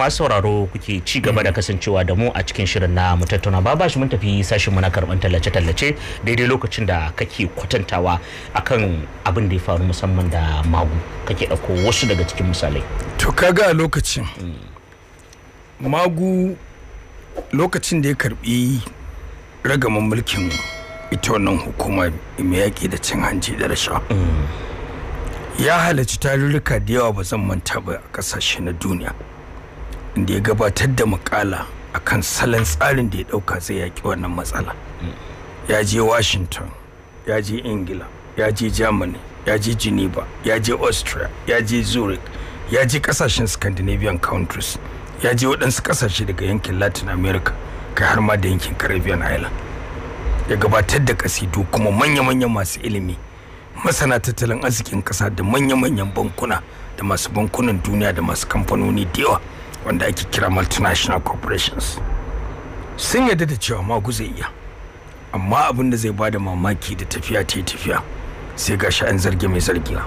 masu sauraro kuke ci gaba da mm. kasancewa da mu a cikin shirin na mu tattauna ba bashi mun tafi sashin mu na karban tallace tallace daidai lokacin da kake kwatantawa akan abin da ya faru musamman da magu kake dauko wasu daga cikin misalai to kaga a lokacin mm. magu lokacin da ya karbi ragaman mulkin ita wannan hukuma mai yaƙi da cin hanci da rashawa mm. ya halarci tarurruka da yawa ba zan manta ba a ƙasashe na duniya inda ya gabatar da makala kan salon tsarin da ya dauka zai yaki wannan matsala ya je washington ya je ingila ya je germany ya je geneva ya je austria ya je zurich ya je kasashen scandinavian countries ya je waɗansu kasashe daga yankin latin america kai har ma da yankin caribbean island ya gabatar da kasidu kuma manya-manyan masu ilimi masana tattalin arzikin ƙasa da manya-manyan bankuna da masu bankunan duniya da masu kamfanoni da yawa wanda ake kira multinational corporations sun yadda da cewa magu zai iya amma abin da zai bada mamaki da tafiya ta tafiya sai ga sha'an zarge mai zargiya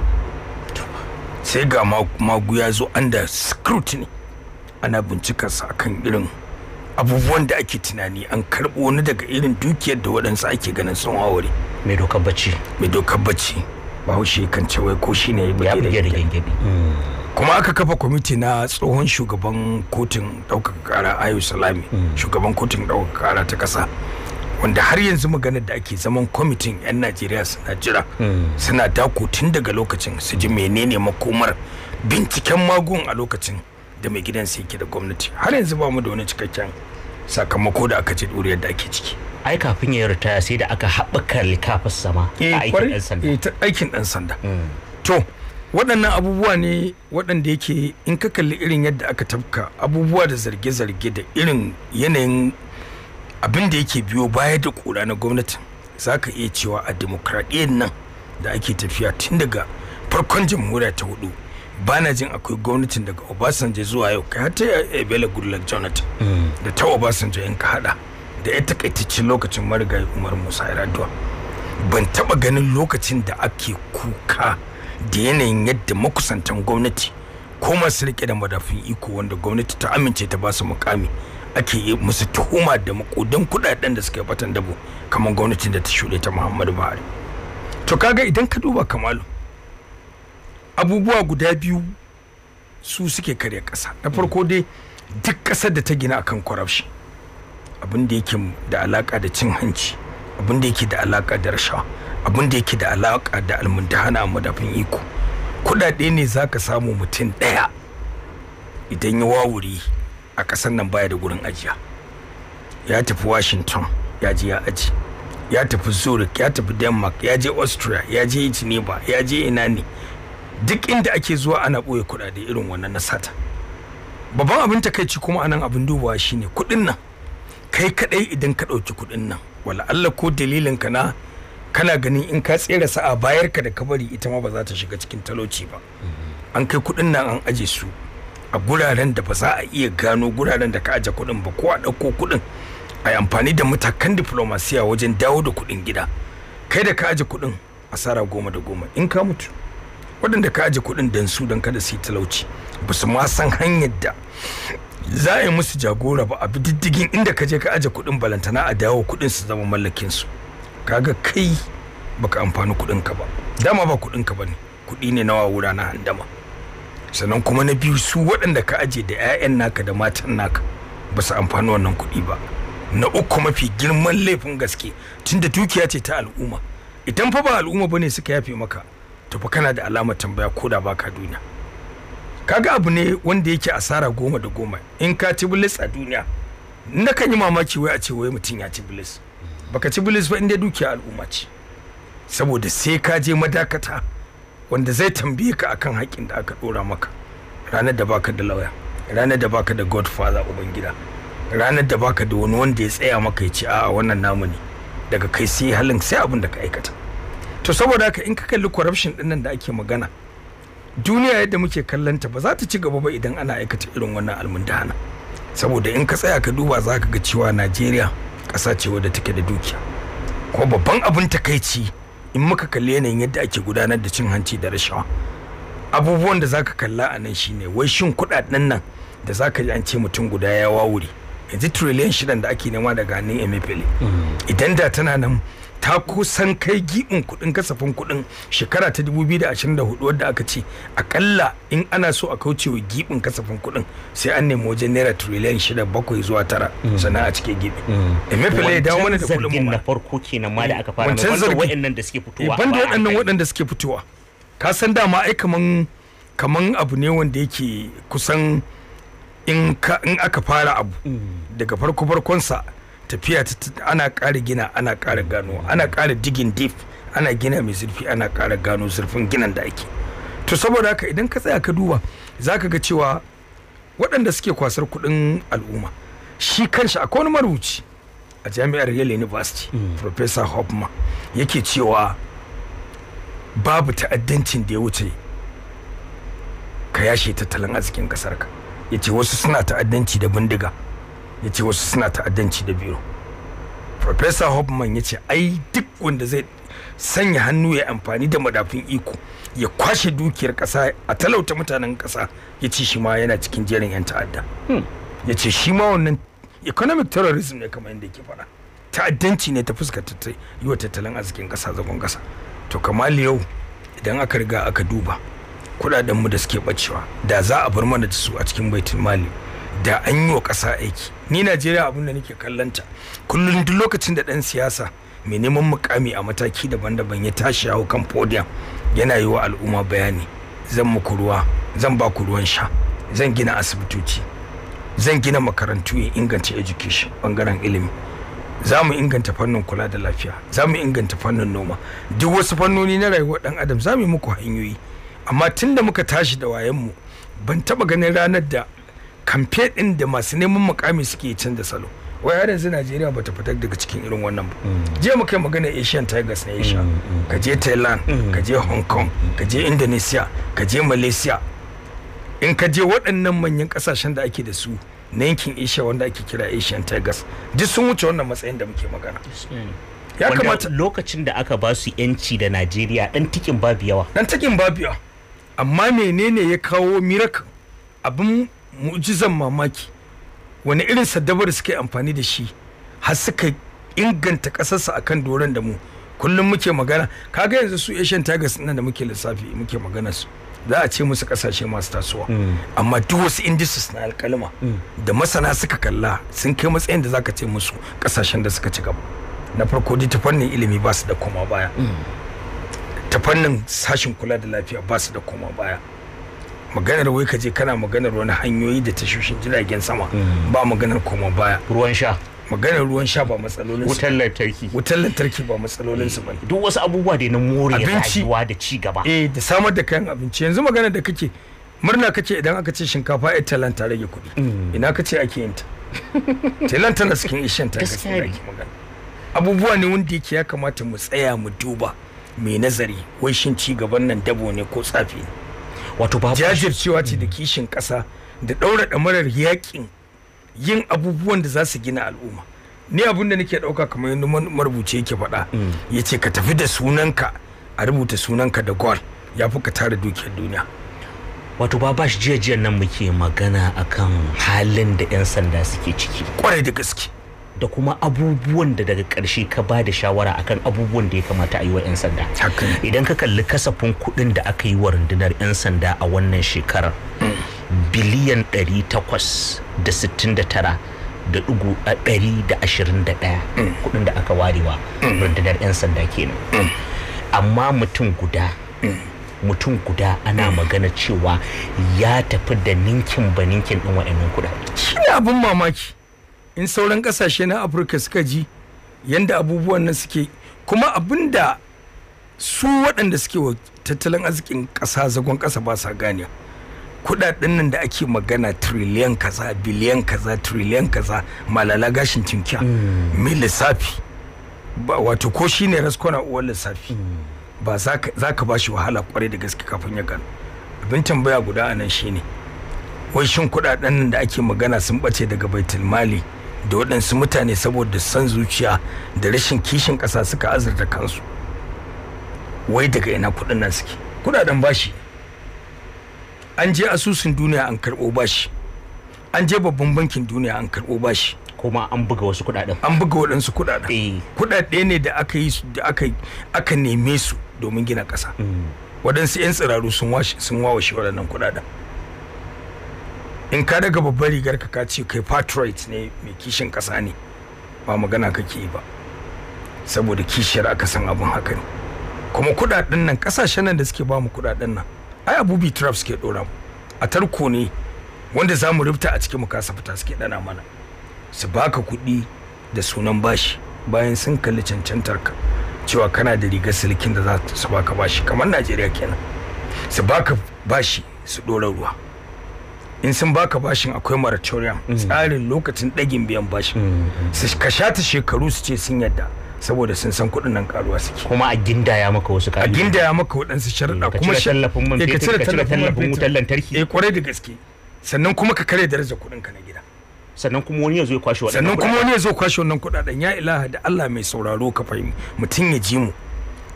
sai ga magu ya zo under scrutiny ana bincikarsa akan irin abubuwan da ake tunani an karɓo wani daga irin dukiyar da waɗansu ake ganin sun haure mai dokar bacci mai dokar bacci bahaushe kan ce wai ko shine ya buge da hmm. kuma aka kafa kwamiti na tsohon shugaban kotun ɗaukaka ƙara ayo salami mm. shugaban kotun ɗaukaka ƙara ta ƙasa wanda har yanzu maganar da ake zaman kwamitin 'yan najeriya suna jira mm. suna dako tun daga lokacin su ji menene makomar binciken magun a lokacin da mai gidansa yake da gwamnati har yanzu ba mu da wani cikakken sakamako da aka ce duriyar da ake ciki ai kafin ya ritaya sai da aka haɓaka likafin sama a eh, eh, aikin ɗan sanda mm. to waɗannan abubuwa ne waɗanda yake in ka kalli irin yadda aka tafka abubuwa da zarge-zarge da irin yanayin abin da yake biyo baya da kura na gwamnatin za ka iya cewa a demokradiyyar nan da ake tafiya tun daga farkon jamhuriya ta hudu ba na jin akwai gwamnatin daga obasanjo zuwa yau kai hata eh, bela goodluck jonathan mm. da ta obasanjo in ka hada da ya takaitaccen lokacin marigayi umar musa iraduwa ban taba ganin lokacin da ake kuka da yanayin yadda makusantan gwamnati ko masu rike da madafin iko wanda gwamnati ta amince ta basu mukami ake yi musu tuhuma da makudin kudaden da suka yi batan dabo kamar gwamnatin da ta shuɗe ta muhammadu buhari to kaga idan ka duba kamalu abubuwa guda biyu su suke karya ƙasa na farko dai duk ƙasar da ta gina akan corruption abin da yake da alaka da cin hanci abin da yake da alaka da rashawa abin da yake da alaka da a madafin iko kudade ne zaka samu mutum daya idan ya wawuri a kasar nan baya da gurin ajiya ya tafi washington ya je ya aji ya tafi zurich ya tafi denmark ya je austria ya je geneva ya je ina ne duk inda ake zuwa ana ɓoye kudade irin wannan na sata babban abin takaici kuma anan abin dubawa shine kudin nan kai kadai idan ka ɗauki kudin nan wala Allah ko dalilin ka na kana ganin in ka tsere sa'a bayar ka da kabari ita ma ba za ta shiga cikin talauci ba mhm. an kai kuɗin nan an aje su a guraren da ba za a iya gano guraren da ka aje kudin ba ko a ɗauko kuɗin a yi amfani da matakan diflomasiya wajen dawo da kuɗin gida kai da ka aje kuɗin asara goma da goma in ka mutu waɗanda ka aje kuɗin dan su don kada su yi talauci ba su ma san hanyar da za a yi musu jagora ba a bi diddigin inda ka je ka aje kuɗin balantana a dawo kuɗin su zama mallakinsu kaga kai baka amfani kuɗinka ba dama ba kuɗinka ka ne kuɗi ne na wawura na handama sannan kuma na biyu su waɗanda ka aje da 'ya'yan naka da matan naka ba su amfani wannan kuɗi ba na uku mafi girman laifin gaske tunda dukiya ce ta al'umma idan fa ba al'umma bane suka yafe maka to fa kana da alamar tambaya ko da baka duniya kaga abu ne wanda yake asara goma da goma in ka ci bilis a duniya na kan yi mamaki wai a ce wai mutum ya ci bilis baka ci bilis ba inda dukiya al'umma ce saboda sai ka je madakata wanda zai tambaye ka akan haƙƙin da aka ɗora maka ranar da baka da lauya ranar da baka da godfather ubangida ranar da baka da wani wanda ya tsaya maka ya ce a'a wannan namu ne daga kai sai halin sai abin da ka aikata to saboda haka in ka kalli corruption din nan da ake magana duniya yadda muke kallon ba za ta ci gaba ba idan ana aikata irin wannan almundana saboda in ka tsaya ka duba za ka ga cewa najeriya ƙasa ce wadda take da dukiya kuma babban abin takaici in muka kalli yanayin yadda ake gudanar da cin hanci da rashawa abubuwan da zaka kalla a nan shine wai shin kuɗaɗen nan da zaka ji an ce mutum guda ya wawure yanzu trillion shidan da ake nema daga hannun emefele mm. idan da tana nan ta kusan kai giɓin kuɗin kasafin kuɗin shekara ta 2024 wadda aka ce akalla in ana so a kauce wa giɓin kasafin kuɗin sai an nemi wajen naira triliyan shida bakwai zuwa tara mm. sannan a cike giɓi wancan mm. ya dawo mana da kuɗin na farko kenan ma da aka fara wancan zargin waɗannan da suke eh, fitowa banda waɗannan waɗanda suke fitowa ka san dama ai kaman kaman abu ne wanda yake kusan in aka fara abu mm. daga farko farkonsa tafiya ta ana ƙara gina ana ƙara gano ana ƙara digin deep ana gina mai zurfi ana ƙara gano zurfin ginin da ake to saboda haka idan ka tsaya ka duba za ka ga cewa waɗanda suke kwasar kuɗin al'umma shi kanshi akwai wani marubuci a jami'ar yale university hmm. professor hoffman yake cewa babu ta'addancin da ya wuce ka yashe tattalin arzikin kasar ka ya ce wasu suna ta'addanci da bindiga ya ce wasu suna ta'addanci da biro professor hoffman ya ce ai duk wanda zai sanya hannu ya amfani da madafin iko ya kwashe dukiyar kasa a talauta mutanen kasa ya ce shi ma yana cikin jerin 'yan ta'adda hmm. ya ce shi ma wannan economic terrorism ne kamar yadda ke faɗa ta'addanci ne ta fuskar yi wa tattalin arzikin kasa zagon kasa to kamar yau idan aka riga aka duba kudaden mu da suke bacewa da za a bar mana da su a cikin baitin mali da an yi wa kasa aiki ni najeriya abin da nake kallanta kullum duk lokacin da dan siyasa mai neman mukami a mataki daban-daban ya tashi hau kan podium yana yi wa al'umma bayani zan muku ruwa zan ba ku ruwan sha zan gina asibitoci zan gina makarantu in inganta education bangaren ilimi za mu inganta fannin kula da lafiya za mu inganta fannin noma duk wasu fannoni na rayuwar dan adam za mu yi muku hanyoyi amma tun da muka tashi da wayanmu ban taba ganin ranar da kamfe ɗin da masu neman mukami suke canza salo wai har yanzu najeriya bata fitar daga cikin irin wannan ba mm. je mu kai magana asian tigers na asia mm, mm, ka je thailand ka je hong kong ka je indonesia ka je malaysia in ka je waɗannan manyan ƙasashen da ake da su na yankin asia wanda ake kira asian tigers duk sun wuce wannan matsayin da muke magana ya kamata lokacin da aka ba su yanci da najeriya dan tikin babu yawa dan tikin babu yawa amma menene ya kawo miracle abin mu'jizan mamaki wani irin saddabar suke amfani da shi har suka inganta ƙasarsa akan doron da mu kullum muke magana kaga yanzu su asian tigers nan da muke lissafi muke magana su za a ce musu kasashe masu tasowa mm. amma duk wasu indices na alkalma mm. da masana suka kalla sun kai matsayin da zaka ce musu kasashen da suka ci gaba na farko dai ta fannin ilimi ba su da koma baya mm. ta fannin sashin kula da lafiya ba su da koma baya maganar wai ka je kana maganar wani hanyoyi da tashoshin jiragen sama hmm. ba maganar koma baya ruwan sha maganar ruwan sha ba matsalolin wutar lantarki wutar lantarki ba matsalolin su bane duk wasu abubuwa da na more rayuwa da ci gaba eh da samar da kayan abinci yanzu maganar da kake murna kace idan aka ce shinkafa ai talan ta rage kuɗi hmm. ina kace ake yin ta talan tana cikin ishin ta gaskiya magana abubuwa ne wanda yake ya kamata mu tsaya mu duba mai nazari wai shin ci gaban nan dabo ne ko tsafi ne wato ba jajircewa ce da hmm. kishin kasa da da marar yaƙin yin abubuwan da za su gina al'umma ni abin da nake ɗauka kamar yadda marubuci yake faɗa hmm. yace ka tafi da sunanka a rubuta sunanka da gol ya fi ka tara dukiyar duniya wato babash jiya jiya nan muke magana akan halin da 'yan sanda suke ciki kwarai da gaske da kuma abubuwan da daga ƙarshe ka ba da shawara akan abubuwan da ya kamata a yi wa 'yan sanda idan ka kalli kasafin kuɗin da aka yi wa rundunar 'yan sanda a wannan shekarar biliyan 869 da ɗari da ashirin da ɗaya kuɗin da aka warewa rundunar 'yan sanda kenan amma mutum guda mutum guda ana magana cewa ya tafi da ninkin ba ninkin ɗin wa'annan kuɗa. shi ne abin mamaki in sauran kasashe na afirka suka ji yadda abubuwan nan suke kuma abin da su waɗanda suke wa tattalin arzikin ƙasa zagon ƙasa ba sa gane kuɗaɗen nan da ake magana triliyan kaza biliyan kaza triliyan kaza malala gashin tinkiya mm. mai lissafi wato ko shine raskona uwar lissafi mm. ba za ka ba shi wahala kwarai da gaske kafin ya gano abin tambaya guda a nan shine wai shin kuɗaɗen da ake magana sun bace daga baitulmali mali da waɗansu mutane saboda son zuciya da rashin kishin ƙasa suka azurta kansu wai daga ina kuɗin nan suke kuɗaɗen bashi an je asusun duniya an karɓo bashi an je babban bankin duniya an karɓo bashi kuma an buga wasu kuɗaɗen an buga waɗansu kuɗaɗen eh. kuɗaɗe ne da aka yi da aka aka neme su domin gina ƙasa mm. waɗansu 'yan tsiraru sun washe sun wawashe waɗannan kuɗaɗen in ka daga babbar rigar ka ce kai patriot ne mai kishin kasa ne ba magana kake yi ba saboda kishiyar aka san abin haka ne kuma kudaden nan kasashen nan da suke bamu kudaden nan ai abubi traps suke dora mu a tarko ne wanda za mu rubuta a cikin mukasa fita suke dana mana su baka kuɗi da sunan bashi bayan sun kalli cancantar ka cewa kana da rigar silkin da za su baka bashi kamar najeriya kenan su baka bashi su ɗora ruwa in sun baka bashin akwai moratorium mm. tsarin lokacin ɗagin biyan bashin mm. su ka shata shekaru su ce sun yadda saboda sun san kuɗin nan karuwa suke kuma a gindaya maka wasu karuwa a gindaya maka waɗansu eh, sharuɗa kuma tallafin man eh, ka cire tallafin wutar lantarki eh kwarai da gaske sannan kuma ka kare darajar kuɗin ka na gida sannan kuma wani ya zo ya kwashe wannan sannan kuma wani ya zo kwashe wannan kuɗaɗen ya ilaha da Allah mai sauraro ka fahimi mutum ya ji mu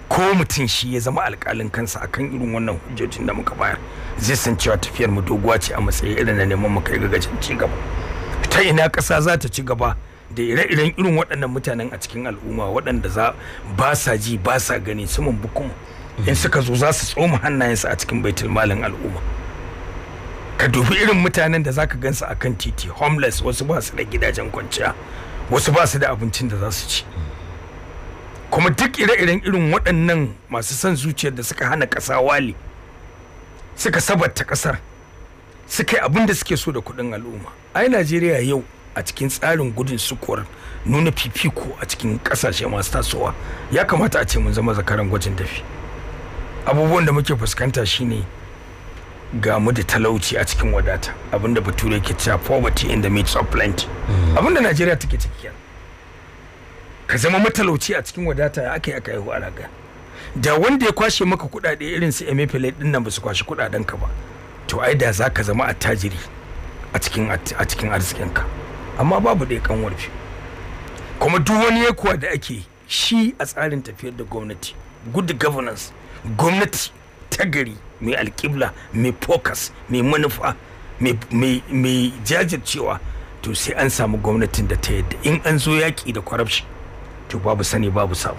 ko mutum shi ya zama alƙalin kansa akan irin wannan hujjojin da muka bayar zai san cewa tafiyar mu doguwa ce a matsayin irin na neman mu kai gagacin ci gaba ta ina ƙasa za ta ci gaba da ire-iren irin waɗannan mutanen a cikin al'umma waɗanda za ba sa ji ba sa gani saman bukun in suka zo za su tsoma hannayensu a cikin baitul malin al'umma ka dubi irin mutanen da zaka gansu akan titi homeless wasu ba su da gidajen kwanciya wasu ba su da abincin da za su ci kuma duk ire-iren irin waɗannan masu son zuciyar da suka hana ƙasa wali suka sabata ƙasar suka yi abin da suke so da kuɗin al'umma ai najeriya yau a cikin tsarin gudun sukuwar nuna fifiko a cikin ƙasashe masu tasowa ya kamata a ce mun zama zakaran gwajin dafi abubuwan da muke fuskanta shine ga mu da talauci a cikin wadata abinda bature ke cewa poverty in the midst of plenty mm. abinda najeriya take ciki kenan ka zama matalauci a cikin wadata ya aka yi aka yi alaga da wanda ya kwashe maka kudade irin su emefile ɗin nan ba su kwashe kuɗaɗen ka ba to ai da za ka zama a tajiri a cikin arzikinka amma babu ɗaya kan warfi kuma duk wani yakuwa da ake shi a tsarin tafiyar da gwamnati good governance gwamnati ta gari mai alkibla mai focus mai manufa mai jajircewa to sai an samu gwamnatin da ta yadda in an zo yaƙi da corruption to babu sani babu sabu.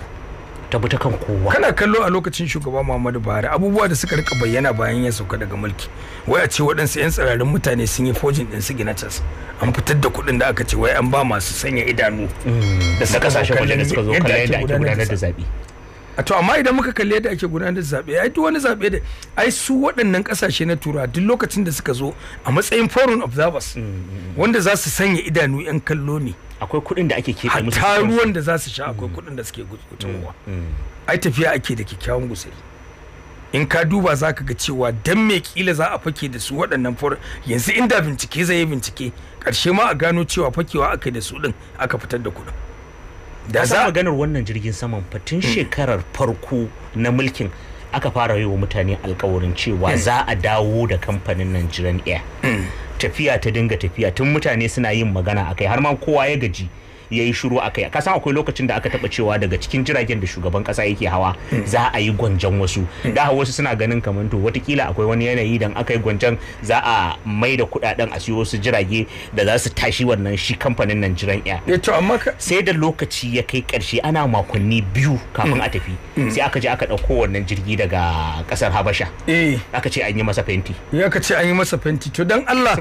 tabbata kan kowa kana kallo a lokacin shugaba Muhammadu Buhari abubuwa da suka rika bayyana bayan ya sauka daga mulki wai a ce waɗansu 'yan tsirarin mutane sun yi fojin ɗin signatures an fitar da kuɗin da aka ce wai an ba masu sanya idanu mm. da suka kasashen suka zo kallon yadda ake gudanar da zaɓe a to amma idan muka kalli yadda ake gudanar da zaɓe ai duk wani zaɓe da ai su waɗannan ƙasashe na tura duk lokacin da suka zo a matsayin foreign observers mm, mm, mm, wanda za su sanya idanu 'yan kallo ne akwai kuɗin da ake keɓe musu hatta ruwan da za su sha akwai kuɗin da suke gutunwa ai tafiya ake da kyakkyawan gusari in ka duba za ka ga cewa dan me kila za a fake da su waɗannan for yanzu inda bincike zai yi bincike ƙarshe ma a gano cewa fakewa aka da su ɗin aka fitar da kuɗin da za maganar wannan jirgin saman fatin hmm. shekarar farko na mulkin aka fara yi wa mutane alkawarin cewa hmm. za a dawo da kamfanin Nigerian Air hmm. tafiya ta dinga tafiya tun mutane suna yin magana akai har ma kowa ya gaji ya yi shiru a kai kasan akwai lokacin da aka taba cewa daga cikin jiragen da shugaban kasa yake hawa hmm. za a yi gwanjan wasu hmm. da wasu suna ganin kamar to watakila akwai wani yanayi dan aka yi gwanjan za a mai da kudaden a siyo su jirage da za su tashi wannan shi kamfanin nan jiran ya sai da lokaci ya kai karshe ana makonni biyu kafin a hmm. tafi sai aka je aka dauko wannan jirgi daga kasar habasha eh. aka ce an yi masa fenti ya ka ce an yi masa fenti to dan Allah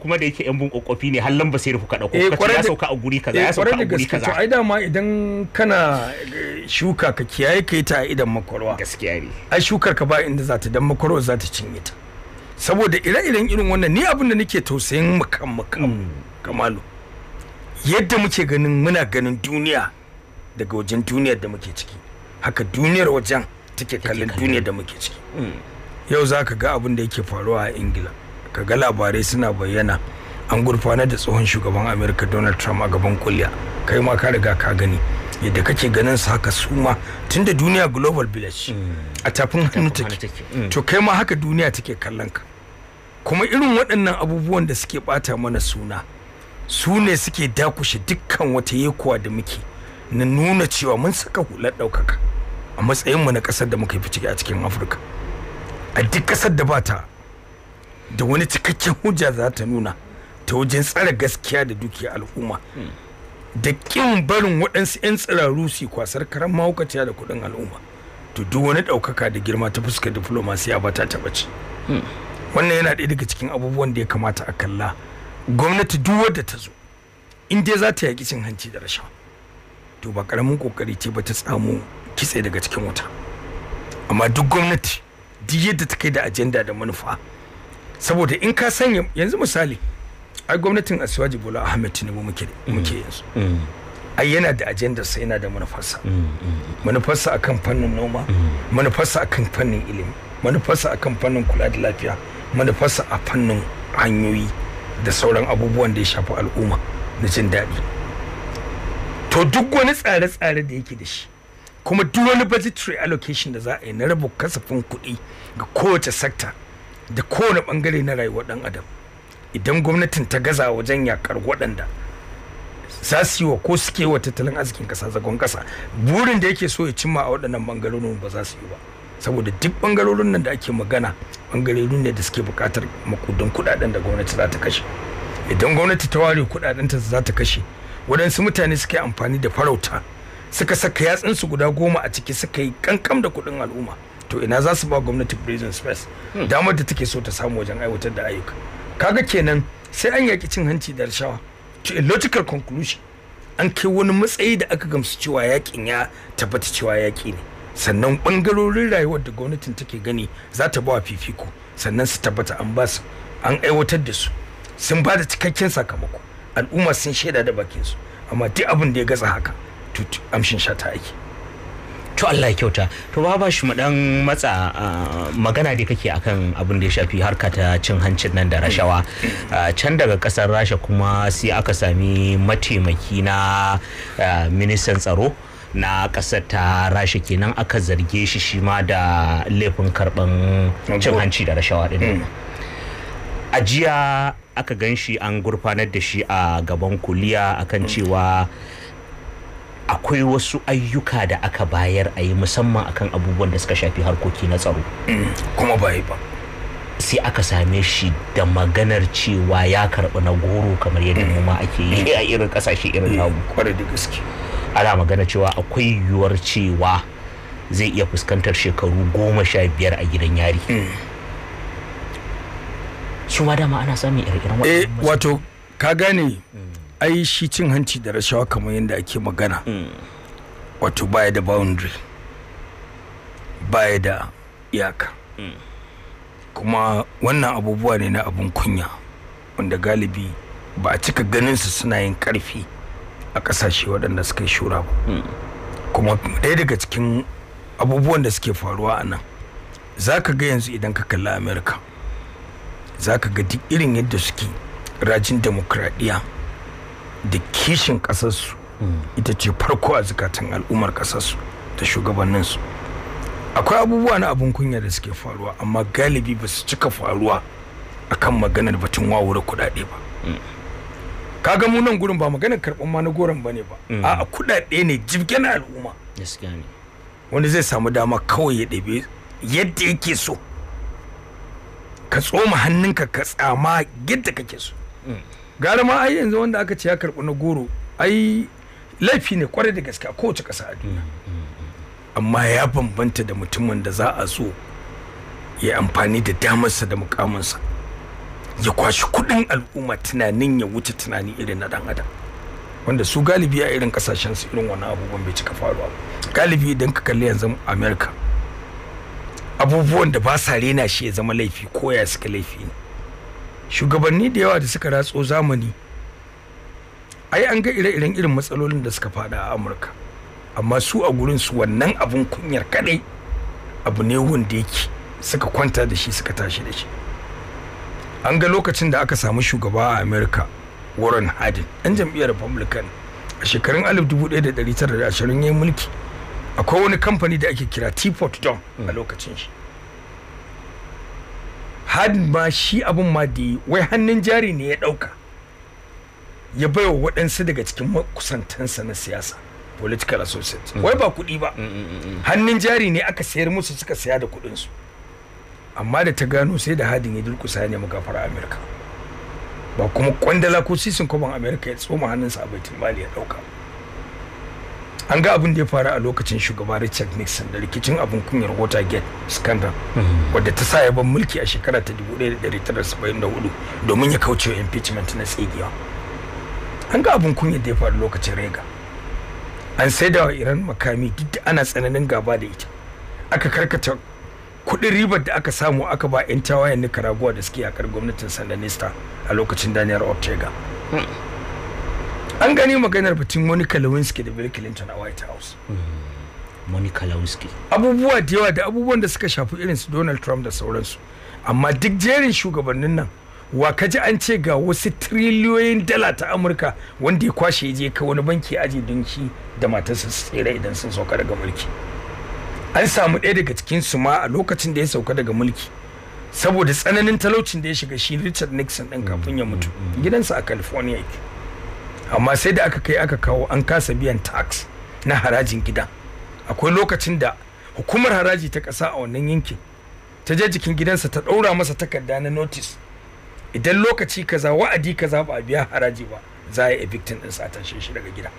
kuma da yake yan bun kokofi ne har lamba sai da eh, ka dauko kace ya sauka a guri kaza ya eh, sauka da gaske to ai dama idan kana eh, shuka ka kiyaye kai ta idan makwarwa gaskiya ne ai shukar ka ba inda za ta dan makwarwa za ta cinye ta saboda ire-iren irin wannan ni abin da nake tausayin mukan mukan mm. kamalu yadda muke ganin muna ganin duniya daga wajen duniyar da muke ciki haka duniyar wajen take kallon duniyar da muke ciki mm. yau za ka ga abin da yake faruwa a ingila ka ga labarai suna bayyana an gurfanar da tsohon shugaban amurka donald trump a gaban kuliya kai ma ka riga ka gani yadda kake ganin su haka su ma tun da duniya global village hmm. a tafin hannu take hmm. to kai ma haka duniya take kallon ka kuma irin waɗannan abubuwan da suke ɓata mana suna su ne suke dakushe dukkan wata yekuwa da muke na nuna cewa mun saka hular ɗaukaka a matsayinmu na ƙasar da muka yi fice a cikin afirka a duk ƙasar da bata da wani cikakken hujja za ta nuna ta wajen tsara gaskiya da dukiya al'umma da kin barin waɗansu 'yan tsiraru su kwasar karan mahaukaciya da kuɗin al'umma to duk wani ɗaukaka da girma ta fuskar diflomasiya ba ta taɓa ci wannan yana ɗaya daga cikin abubuwan da ya kamata a kalla gwamnati duk wadda ta zo in dai za ta yaƙi cin hanci da rashawa to ba ƙaramin ƙoƙari ce ba ta tsamo kitse daga cikin wuta amma duk gwamnati duk yadda ta kai da ajenda da manufa saboda in ka sanya yanzu misali ai gwamnatin Asiwaji Bola Ahmed Tinubu muke muke mm. yanzu mm. ai yana da ajandar sai yana da manufarsa mm, manufarsa akan fannin noma manufarsa akan fannin ilimi manufarsa akan fannin kula da lafiya manufarsa a fannin hanyoyi da sauran abubuwan da ya shafi al'umma na jin daɗi to duk wani tsare-tsare da yake da shi kuma duk wani budgetary allocation da za a yi na rabu kasafin kuɗi ga kowace sakta da kowane bangare na rayuwar ɗan adam idan gwamnatin ta gaza wajen yakar waɗanda za su yi wa ko suke wa tattalin arzikin ƙasa zagon ƙasa burin da yake so ya cimma a waɗannan bangarorin ba za su yi ba saboda duk bangarorin nan da ake magana bangarorin ne da suke buƙatar makudin kuɗaɗen da gwamnati za ta kashe idan gwamnati ta ware kuɗaɗen ta za ta kashe waɗansu mutane suke amfani da farauta suka saka yatsun su guda goma a ciki suka yi kankam da kuɗin al'umma to ina za su ba gwamnati prison space hmm. damar da take so ta samu wajen aiwatar da ayyuka kaga kenan sai an yaki cin hanci da rashawa to a logical conclusion an kai wani matsayi da aka gamsu cewa yakin ya tabbata cewa yaki ne sannan bangarorin rayuwar da gwamnatin take gani za ta ba fifiko sannan su tabbata an ba su an aiwatar da su sun ba da cikakken sakamako al'umma sun shaida da bakin su amma duk abin da ya gaza haka to amshin shata ake to Allah ya kyauta to ba shi mu dan matsa magana da kake akan abin da ya shafi harka ta cin hancin nan da rashawa can daga kasar rasha kuma sai aka sami mataimaki na ministan tsaro na kasar ta rasha kenan aka zarge shi shi ma da laifin karban cin hanci da rashawa din mm. a jiya aka gan shi an gurfanar da shi a gaban kuliya akan mm. cewa akwai wasu ayyuka da aka bayar a yi musamman akan abubuwan da suka shafi harkoki na tsaro mm, kuma ba ba sai aka same shi da maganar cewa ya karɓi na goro kamar yadda mu mm. ma ake yi a irin kasashe irin mm, namu kwarai da gaske ana magana cewa akwai yiwuwar cewa zai iya fuskantar shekaru goma sha biyar a gidan yari su ma dama ana samun ire-iren eh, wato ka gane ai shi cin hanci da rashawa kamar yadda ake magana wato baya da boundary baya da iyaka kuma wannan abubuwa ne na abin kunya wanda galibi ba a cika ganin su suna yin karfi a kasashe waɗanda suka yi shura ba kuma ɗaya daga cikin abubuwan da suke faruwa a nan za ka ga yanzu idan ka kalli amerika za ka ga duk irin yadda suke rajin demokradiyya da kishin ƙasarsu ita ce farko a zukatan al'ummar kasarsu da shugabanninsu akwai abubuwa na abin kunya da suke faruwa amma galibi ba su cika faruwa akan maganar batun wawura kuɗaɗe ba kaga mu nan gurin ba maganar karɓar ma na goron ba ne ba mm. a'a kuɗaɗe ne jibge na al'umma Wani zai samu dama kawai ya ɗabe yadda yake so ka tsoma hannunka ka tsama yadda kake so mm. gara ma ai yanzu wanda aka ce ya karɓi na goro ai laifi ne kwarai da gaske a kowace ƙasa a duniya amma ya bambanta da mutumin da za a so ya amfani da damarsa da mukamansa ya kwashi kuɗin al'umma tunanin ya wuce tunani irin na ɗan adam wanda su galibi a irin kasashen su irin wani abubuwan bai cika faruwa galibi idan ka kalli yanzu america abubuwan da ba sa rena shi ya zama laifi ko ya suka laifi ne shugabanni da yawa da suka ratso zamani ai an ga ire-iren irin matsalolin da suka fada a amurka amma su a gurin su wannan abun kunyar kadai abu ne wanda yake suka kwanta da shi suka tashi da shi an ga lokacin da aka samu shugaba a amurka warren hardin yan jam'iyyar republican a shekarun 1920 ya yi mulki akwai wani kamfani da ake kira teapot don a lokacin shi hadin ma shi abin ma da yi wai hannun jari ne ya ɗauka ya baiwa waɗansu daga cikin makusantansa na siyasa political associates wai ba kuɗi ba mm, mm, mm, hannun jari ne aka sayar musu suka saya da kuɗinsu amma da ta gano sai da hadin ya durkusa ne magafar amerika ba kuma kwandala ko sisin kwaban amerika ya tsoma hannunsa a baitin mali ya ɗauka an ga abin da ya faru a lokacin shugaba richard nixon da rikicin abin kunyar watergate scandal mhm. wadda ta sa ban mulki a shekara ta 1974 domin ya kauce wa impeachment na tsegewa an ga abin kunyar da ya faru lokacin reagan an saida wa iran makami duk ana tsananin gaba da ita aka karkata kuɗin ribar da aka samu aka ba 'yan tawayen nicaragua da suke yakar gwamnatin sandinista a lokacin daniel ortega hmm. an gani maganar batun monica lewinsky da bill clinton a white house hmm. monica lewinsky abubuwa da yawa da abubuwan da suka shafi irin su donald trump da sauransu amma duk jerin shugabannin nan wa kaji an ce ga wasu triliyoyin dala ta amurka wanda ya kwashe ya je ka wani banki aji don shi da matarsa su tsira idan sun sauka daga mulki an samu ɗaya daga cikin su ma a lokacin da ya sauka daga mulki saboda tsananin talaucin da ya shiga shi richard nixon ɗin kafin ya mutu hmm, hmm, gidansa a california yake amma sai da aka kai aka kawo an kasa biyan tax na harajin gidan akwai lokacin da hukumar haraji ta ƙasa a wannan yankin ta je jikin gidansa ta ɗaura masa takarda na notice idan lokaci kaza wa'adi kaza ba a biya haraji ba za a yi evictin din sa tashe shi daga gida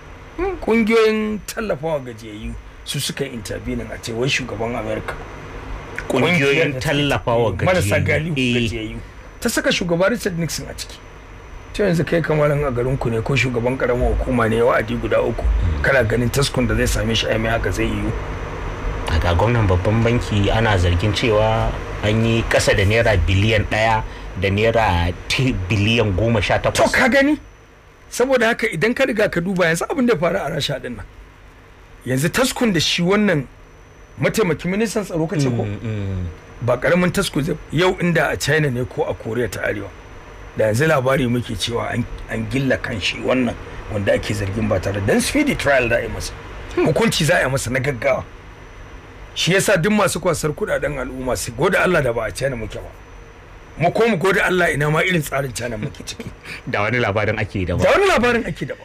kungiyoyin hmm, tallafawa gajiyayyu su suka intervening a cewar shugaban america kungiyoyin tallafawa gajiyayyu ta saka shugaba richard nixon a ciki to yanzu kai kamar a garin ku ne ko shugaban karamar hukuma ne wa'adi guda uku kana ganin taskun da zai same shi aimi haka zai yiwu ga gwamnan babban banki ana zargin cewa an yi kasa da naira biliyan daya da naira biliyan goma sha takwas to ka gani saboda haka idan ka riga ka duba yanzu abin da faru a rasha din nan yanzu taskun da shi wannan mataimakin ministan tsaro ka ce ko mm, mm. ba karamin zai yau inda a china ne ko a koriya ta arewa da yanzu labari muke cewa an gilla kan shi wannan wanda ake zargin ba tare dan speedy trial da a masa hukunci za a yi masa na gaggawa shi yasa duk masu kwasar kudaden al'umma su goda Allah da ba a cana muke ba mu ko mu goda Allah ina ma irin tsarin cana muke ciki da wani labarin ake da ba da wani labarin ake da ba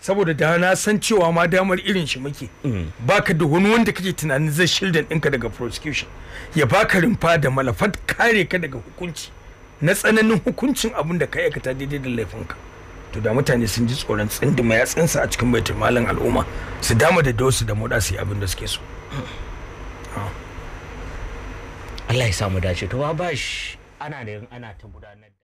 saboda da na san cewa ma damar irin shi muke mm. baka da wani wanda kake tunanin zai shildan ɗinka daga prosecution ya baka rumfa da malafat kare ka daga hukunci na tsananin hukuncin abin da ka aikata daidai da laifinka to da mutane sun ji tsoron tsindima ya tsinsa a cikin baitul malin al'umma su dama da dosu da moda su yi abin da suke so ah. Allah ya samu dace to ba shi ana da ana ta gudanar